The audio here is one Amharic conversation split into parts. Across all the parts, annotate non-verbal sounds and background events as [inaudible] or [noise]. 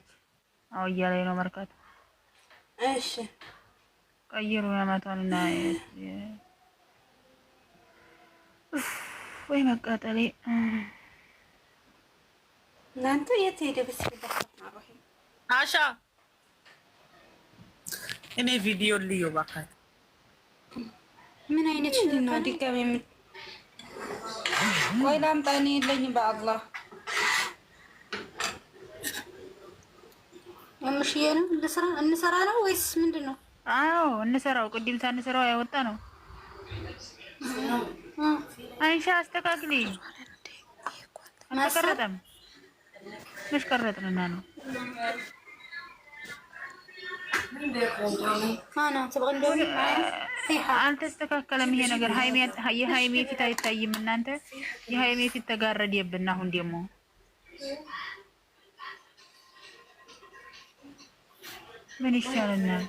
ትላለች። አውያ ላይ ነው መርካቶ። እሺ ቀይሩ ያመቷልና ወይ መቃጠሌ እናንተ የት ሄደ? አሻ እኔ ቪዲዮ ልዩ ባካት ምን አይነት ሽልና ድጋሚ ቆይ ላምጣ እኔ የለኝም በአላህ አምሽዬ ነው እንሰራ ነው ወይስ ምንድን ነው? አዎ እንሰራው ቅድም ሳንሰራው ያወጣ ነው። አይሻ አስተካክሊ። አልተቀረጠም መሽቀረጥንና ነው አልተስተካከለም ይሄ ነገር። የሀይሜ ፊት አይታይም። እናንተ የሀይሜ ፊት ተጋረደብን። አሁን ደግሞ ምን ይሻለናል?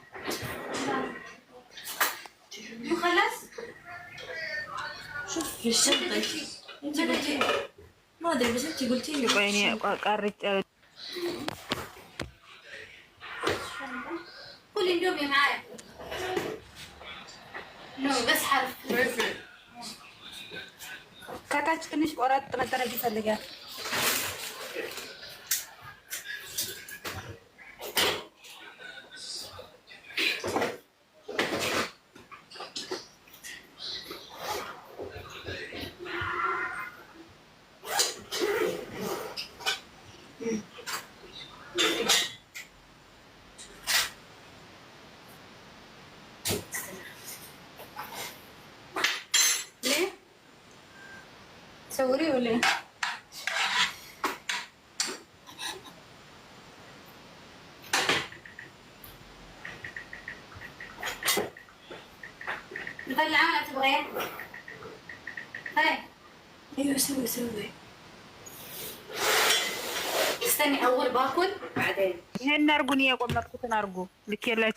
ከታች ትንሽ ቆረጥ መደረግ ይፈልጋል። تصوري ولا ايه؟ طلعانه تبغي هاي طيب. ايوه سوي سوي استني اول باكل بعدين هنا نرقني يا قوم ما تكون نرقو لك يلا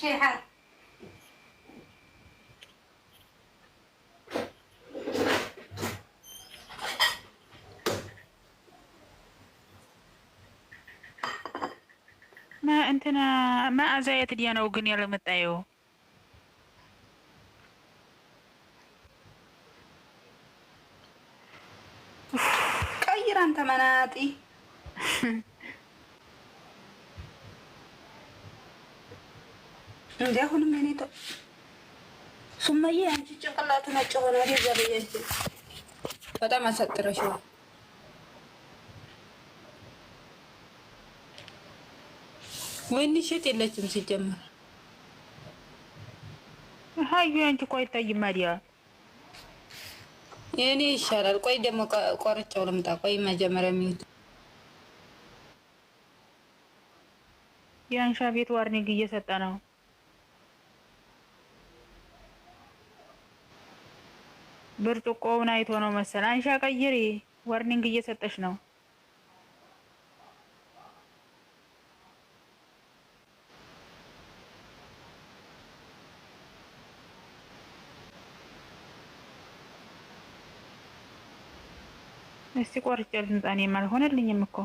شيء حار ما انتنا ما ازايت ديانا وقنيا لمتايو متايو አንተ تمناتي [laughs] እንዲ አሁንም እኔ ሱመዬ አንቺ ጭንቅላቱ ነጭ ሆነ ዘበያች በጣም አሳጥረሽዋል። ወይኒ ሸጥ የለችም ሲጀመር ሀዩ አንቺ እኮ አይታይም። አዲያ የእኔ ይሻላል። ቆይ ደግሞ ቆርጫው ልምጣ። ቆይ መጀመሪያ የሚሉት የአንሻ ቤት ዋርኒንግ እየሰጠ ነው። ብርጭቆውን አይቶ ነው መሰል። አንሻ ቀይሪ፣ ወርኒንግ እየሰጠች ነው። እስቲ ቆርጬ ልምጣ። እኔም አልሆነልኝም እኮ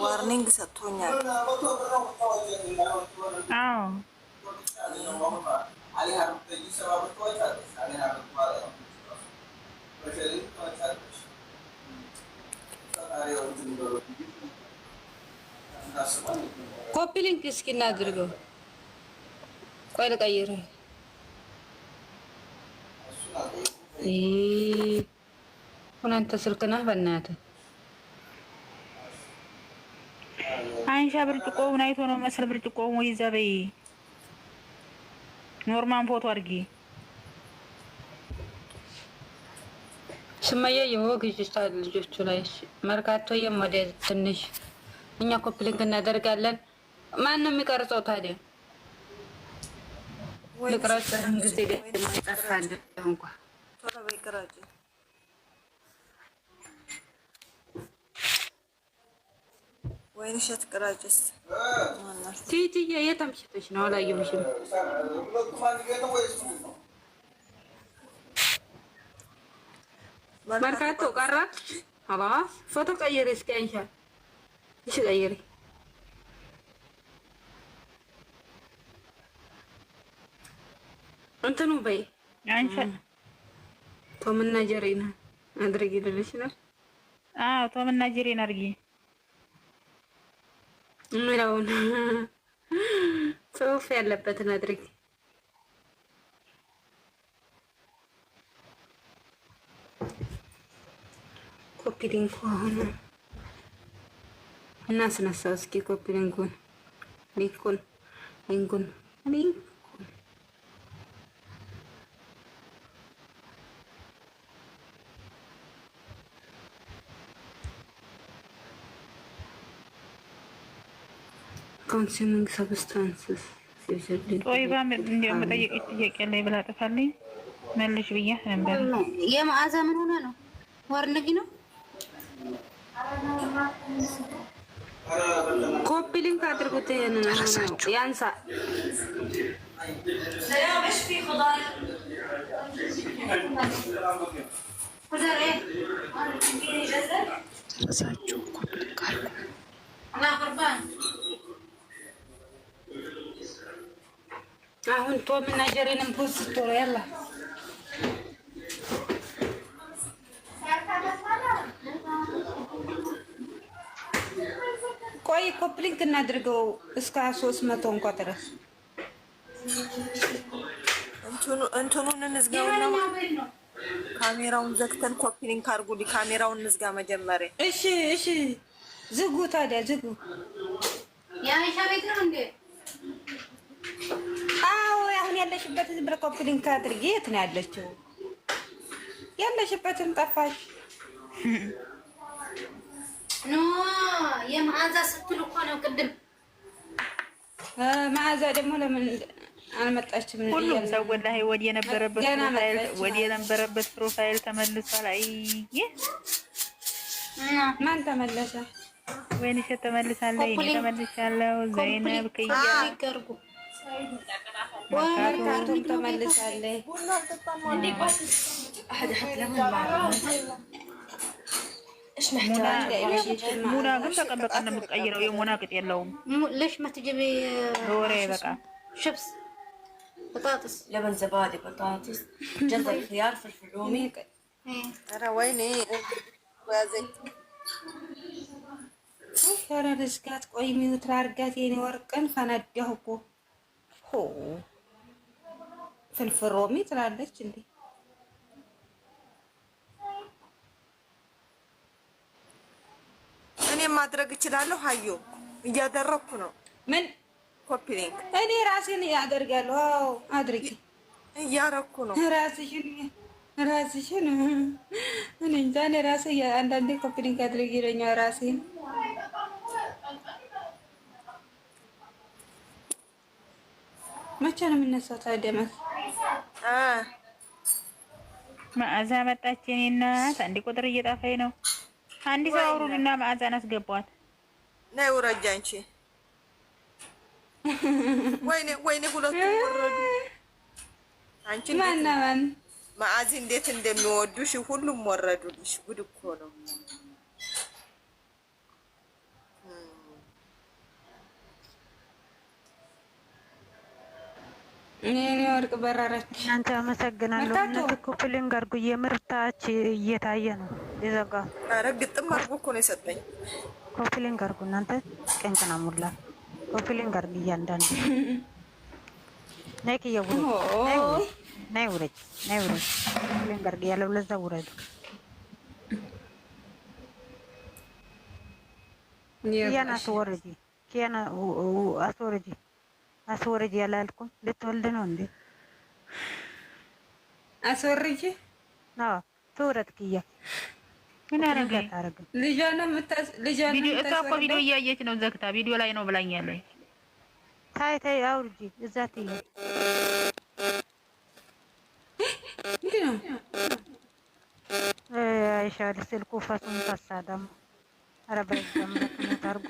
ዋርኒንግ ሰጥቶኛል። አዎ ኮፒ ሊንክ እስኪ እናድርገው። ቆይ ልቀይረው። ሁን ስልክ ነህ በእናትህ አንሻ ብርጭቆውን አይቶ ነው መሰል ብርጭቆውን ወይ ዘበይ ኖርማን ፎቶ አድርጊ ስመየ የወግ ይስታ ልጆቹ ላይ መርካቶ የሞደ ትንሽ እኛ ኮፕሊንግ እናደርጋለን። ማን ነው የሚቀርጸው ታዲያ? ልቅረጽ ጊዜ ደስ ማይጠፋ እንኳ ወይን እሸት ቅራጭስ ቲቲዬ የት አምሽተሽ ነው? አላየሁሽም። መርካቶ ቀራ። ሀላስ ፎቶ ቀይሪ እስኪ አንሻል። እሺ ቀይሪ። እንትኑ በይ ቶምና ጀሪና አድርጊ ነው። አዎ ቶምና ጀሪና አድርጊ ምለውን ጽሁፍ ያለበትን አድርግ። ኮፒ ሊንኩ አሁን እናስነሳው። እስኪ ኮፒ ሊንኩን ሊንኩን ሊንኩን consuming substances ጦይባ እንዲያውም መጠየቅ ጥያቄ ላይ ብላ ጠፋልኝ መልሽ ብያት ነበር። የመዓዛ ምን ሆነ ነው ዋርልግ ነው ኮፒ ሊንክ አድርጉት። ያንሳ ረሳችሁ ኮፒ ሊንክ አድርጉ። አሁን ቶም እና ጀሬንም ፖስት ቶሎ ያላ ቆይ ኮፕሊንክ እናድርገው እስከ ሶስት መቶ እንኳ ድረስ እንትኑን እንዝጋውና ካሜራውን ዘግተን ኮፕሊንክ አድርጉልኝ። ካሜራውን እንዝጋ መጀመሪያ። እሺ፣ እሺ፣ ዝጉ ታዲያ ዝጉ። የአይሻ ቤት ነው እንዴ? አዎ አሁን ያለሽበት ብረኮክ አድርጊ። የት ነው ያለችው? ያለሽበትን ጠፋሽ። ኖ የመዓዛ ስትል እኮ ነው ቅድም። መዓዛ ደግሞ ለምን አልመጣችም? ሁሉም ሰው ወላሂ ወደ የነበረበት ፕሮፋይል ወደ የነበረበት ፕሮፋይል ተመልሷል። አይ ማን ተመለሰ? ወይንሽ ተመልሳለች። እኔ ተመልሻለሁ። ዘይነብ ከያ መርካቶም ተመልሳለች። ሙና ግን ተቀበቀ ነው የምትቀይረው። የሙናቅጥ የለውም። ለሽ መትጅቢ ወሬ በቃ ሽብስ بطاطس لبن زبادي بطاطس جزر خيار فلفل رومي ترى ويني وزيت ترى رزقات ቆይ ሚዩት አድርጋት የኔ ወርቅን ፈነዳሁ እኮ ፍልፍል ሮሚ ትላለች እንዴ! እኔም ማድረግ እችላለሁ። ሀዩ እያደረኩ ነው። ምን ኮፒ ሊንክ እኔ ራሴን አደርጋለሁ። አዎ አድርጊ። እያረኩ ነው። ራስሽን እኔ እንጃ። እኔ ራሴ አንዳንዴ አድርጊ ይለኛል ራሴን ብቻ ነው የሚነሳው ታዲያ መስ መዓዛ መጣች። እኔ እናት አንድ ቁጥር እየጠፋኝ ነው። አንድ ሰው አውሩልና መዓዛን አስገቧት። ነይ ውረጃ አንቺ። ወይኔ ወይኔ፣ ሁለቱ ወረዱ። አንቺ ማን ማን መዓዚ እንዴት እንደሚወዱሽ ሁሉም ወረዱልሽ። ጉድ እኮ ነው። እኔ ወርቅ በረረች። እናንተ አመሰግናለሁ። እውነት እኮ ፕሊንግ አድርጉ። የምርታች እየታየ ነው ይዘጋ። ኧረ ግጥም አድርጎ እኮ ነው የሰጠኝ። ኮፕሊንግ አድርጉ እናንተ ቀንቅና ሙላ ኮፕሊንግ አድርግ እያንዳንዱ ነይ ክየ ውረድ፣ ነይ ውረድ፣ ነይ ውረድ። ኮፕሊንግ አድርግ እያለው ለዛ ውረዱ። ኪያና አስወርጂ፣ ኪያና አስወርጂ አስወርጅ ያላልኩም። ልትወልድ ነው እንዴ? አስወርጅ። አዎ ትውረድ ክያ ምን አረጋት አረጋት። ልጇን ነው የምታስ ልጇን ነው እሷ እኮ ቪዲዮ እያየች ነው ዘግታ፣ ቪዲዮ ላይ ነው ብላኛለች። ታይ ታይ አውርጂ፣ እዛ ትይ ምንድን ነው አይሻል ስልኩ ፈሱን ፈሳ ደግሞ አረባ ነው ታርጉ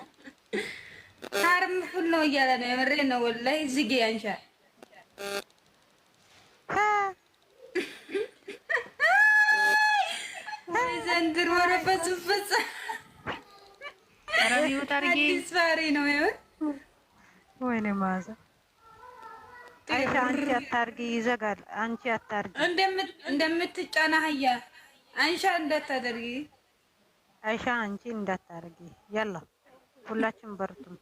ሀርምፉል ነው እያለ ነው። የምሬ ነው ወላሂ። ዝጌ ያንሻል ዘንድሮ ረበሱበት አዲስ ባህሪ ነው ወይኔ ማዘ አንቺ አታርጊ፣ ይዘጋል። አንቺ አታርጊ እንደምትጫና አህያ አይሻ እንዳታደርጊ አይሻ አንቺ እንዳታርጊ። ያላ ሁላችን በርቱም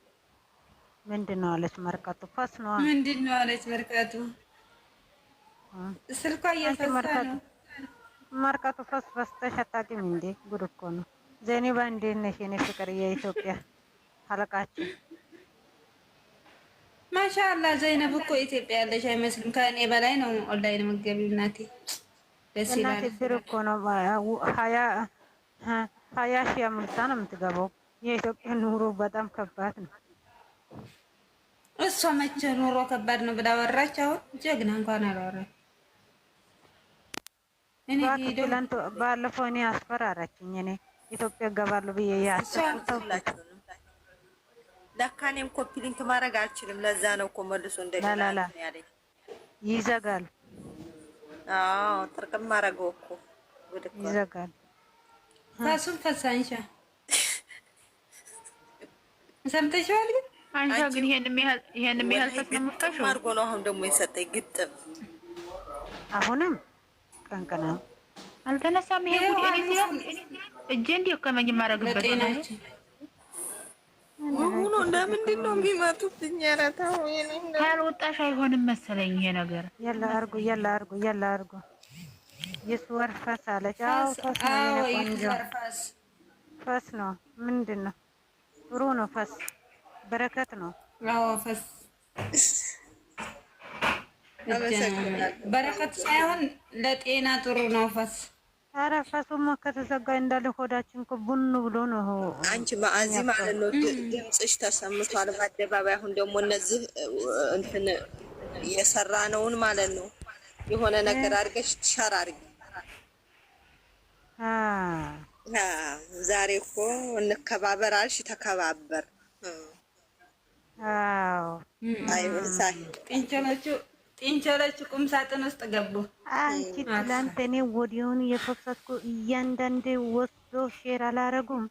ምንድን ነው አለች መርካቶ ፋስ ነው ምንድን ነው አለች መርካቶ ስልኳ እየፈሳ ነው መርካቶ ፋስ በስተሽ አታውቂም እንዴ ጉድ እኮ ነው ዘኔባ እንዴት ነሽ የኔ ፍቅር የኢትዮጵያ አለቃችን ማሻአላ ዘይነብ እኮ ኢትዮጵያ ያለሽ አይመስልም ከእኔ በላይ ነው ኦንላይን መገቢ እናቴ ደስ ይላል እናቴ ብር እኮ ነው ሀያ ሀያ ሺህ አምልታ ነው የምትገባው የኢትዮጵያ ኑሮ በጣም ከባድ ነው እሷ መቼ ኑሮ ከባድ ነው ብላ ወራች። አሁን ጀግና እንኳን አላወራችም። እኔ ባለፈው እኔ አስፈራራችኝ። እኔ ኢትዮጵያ እገባለሁ ብዬ ለካ እኔም ኮፒ ሊንክ ማድረግ አልችልም። ለዛ ነው እኮ መልሶ እንደገና ይዘጋል። አዎ ጥርቅም ማድረገው እኮ ይዘጋል። ታሱን ፈሳንሻ ሰምተሽዋል ግን አንቺ ግን ይሄን የሚያህል ይሄን የሚያህል ተስማምተሽ አድርጎ ነው አሁን ደግሞ የሰጠኝ ግጥም። አሁንም ቀንቀና አልተነሳም። ይሄ ጉድ እኔ ሲያፍ እጄ እንዲህ ከመኝ የማደርግበት ነው። ለምንድን ነው የሚመጡብኝ? ኧረ ተው ካልወጣሽ አይሆንም መሰለኝ ይሄ ነገር። ያላ አርጉ፣ ያላ አርጉ፣ ያላ አርጉ። ይስወር ፈስ አለች። አዎ ፈስ ነው። ቆንጆ ፈስ ነው። ምንድን ነው ጥሩ ነው ፈስ በረከት ነው። በረከት ሳይሆን ለጤና ጥሩ ነው። ፈስ ኧረ ፈሱማ ከተዘጋ እንዳለ ሆዳችን ቡን ብሎ ነው። አንቺ ማአዚ ማለት ነው ድምጽሽ ተሰምቷል በአደባባይ። አሁን ደግሞ እነዚህ እንትን የሰራ ነውን ማለት ነው የሆነ ነገር አድርገሽ ሻር አድርጊ። ዛሬ እኮ እንከባበር አልሽ፣ ተከባበር ጤንቸሎቹ ቁም ሳጥን ውስጥ ገቡ። አንቺ ትላንት እኔ ወዲያውኑ የፖስትኩ እያንዳንዴ ወስዶ ሼር አላረጉም